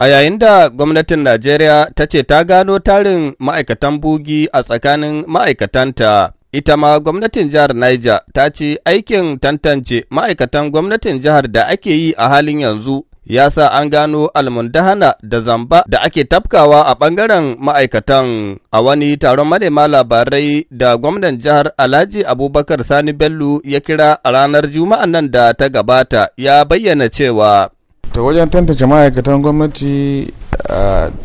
A yayin da gwamnatin Najeriya ta ce ta gano tarin ma'aikatan bugi a tsakanin ma'aikatanta, ita ma gwamnatin jihar Niger ta ce aikin tantance ma'aikatan gwamnatin jihar da ake yi a halin yanzu ya sa an gano almundahana da zamba da ake tafkawa a ɓangaren ma'aikatan a wani taron manema labarai da gwamnan jihar Alhaji Abubakar Sani Bello ya kira a ranar Juma'an nan da ta gabata ya bayyana cewa. to wajen tantance ma'aikatan gwamnati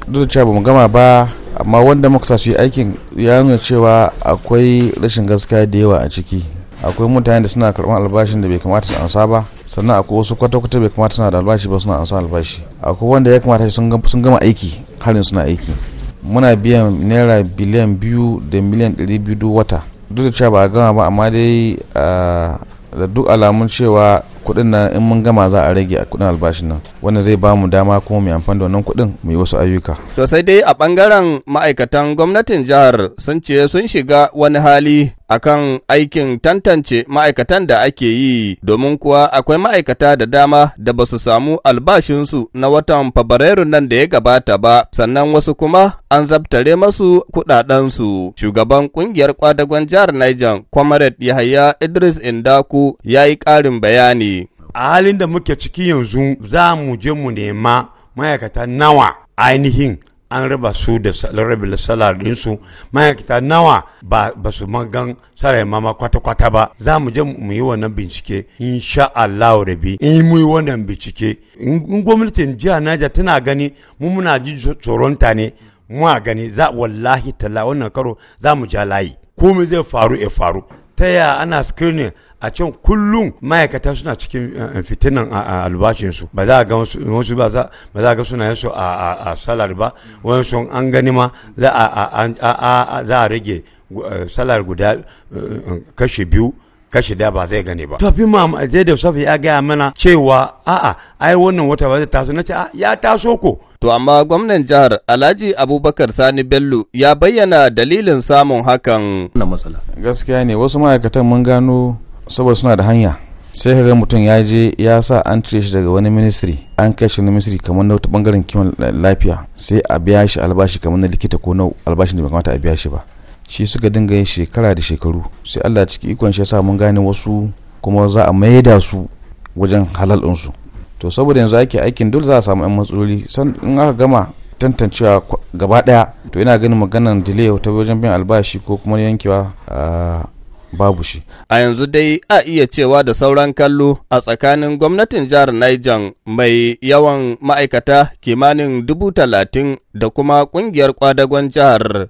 duk da cewa ba mu gama ba amma wanda muka sa su yi aikin ya nuna cewa akwai rashin gaskiya da yawa a ciki akwai mutane da suna karɓar albashin da bai kamata su ansa ba sannan akwai wasu kwata-kwata bai kamata suna da albashi ba suna ansa albashi akwai wanda ya kamata sun gama aiki halin suna aiki muna biyan naira biliyan biyu da miliyan ɗari biyu duk wata duk da cewa ba a gama ba amma dai da duk alamun cewa kuɗin nan in mun gama za a rage a kuɗin albashin nan wanda zai ba mu dama kuma mu amfani da wannan kuɗin mu yi wasu ayyuka. To sai dai a ɓangaren ma'aikatan gwamnatin jihar sun ce sun shiga wani hali akan aikin tantance ma'aikatan da ake yi domin kuwa akwai ma'aikata da dama da ba su samu albashinsu na watan fabrairu nan da ya gabata ba sannan wasu kuma an zabtare masu kudadensu shugaban kungiyar kwadagon jihar Niger Comrade Yahaya Idris Indaku ya yi ƙarin bayani a halin da muke ciki yanzu za mu je mu nema ma'aikata nawa ainihin an raba su da rabin salarinsu ma'aikata nawa ba su magan sarai mama kwata-kwata ba za mu je mu yi wannan bincike insha Allah rabi in mu yi wannan bincike in gwamnatin jihar Niger tana gani mu muna ji tsoronta ne mu a gani za wallahi talla wannan karo za mu ja layi komai zai faru ya faru ta ya ana screening a can kullum ma'aikata suna cikin eh, eh, fitinan albashinsu ba za a ga wasu ba za a ga suna su a salar ba wasu an gani ma za a rage eh, salar guda kashi biyu kashi da ba zai gane ba Tafi ma da safi ya gaya mana cewa a'a ai wannan wata ba zai taso na ce ya taso ko to amma gwamnan jihar Alhaji Abubakar Sani Bello ya bayyana dalilin samun hakan na matsala gaskiya ne wasu ma'aikatan mun gano saboda suna da hanya sai kaga mutum ya je ya sa an cire shi daga wani ministry an kai shi na ministry kamar na wata bangaren kiwon lafiya sai a biya shi albashi kamar na likita ko na albashin da bai kamata a biya shi ba shi suka dinga yin shekara da shekaru sai allah ciki ikon shi sa mun gane wasu kuma za a maida su wajen halal su to saboda yanzu ake aikin dole za a samu 'yan matsaloli san in aka gama tantancewa gaba daya to ina ganin maganar delay ta wajen bin albashi ko kuma yankewa babu shi. A yanzu dai a iya cewa da sauran kallo a tsakanin gwamnatin jihar Niger mai yawan ma'aikata kimanin dubu talatin da kuma kungiyar kwadagon jihar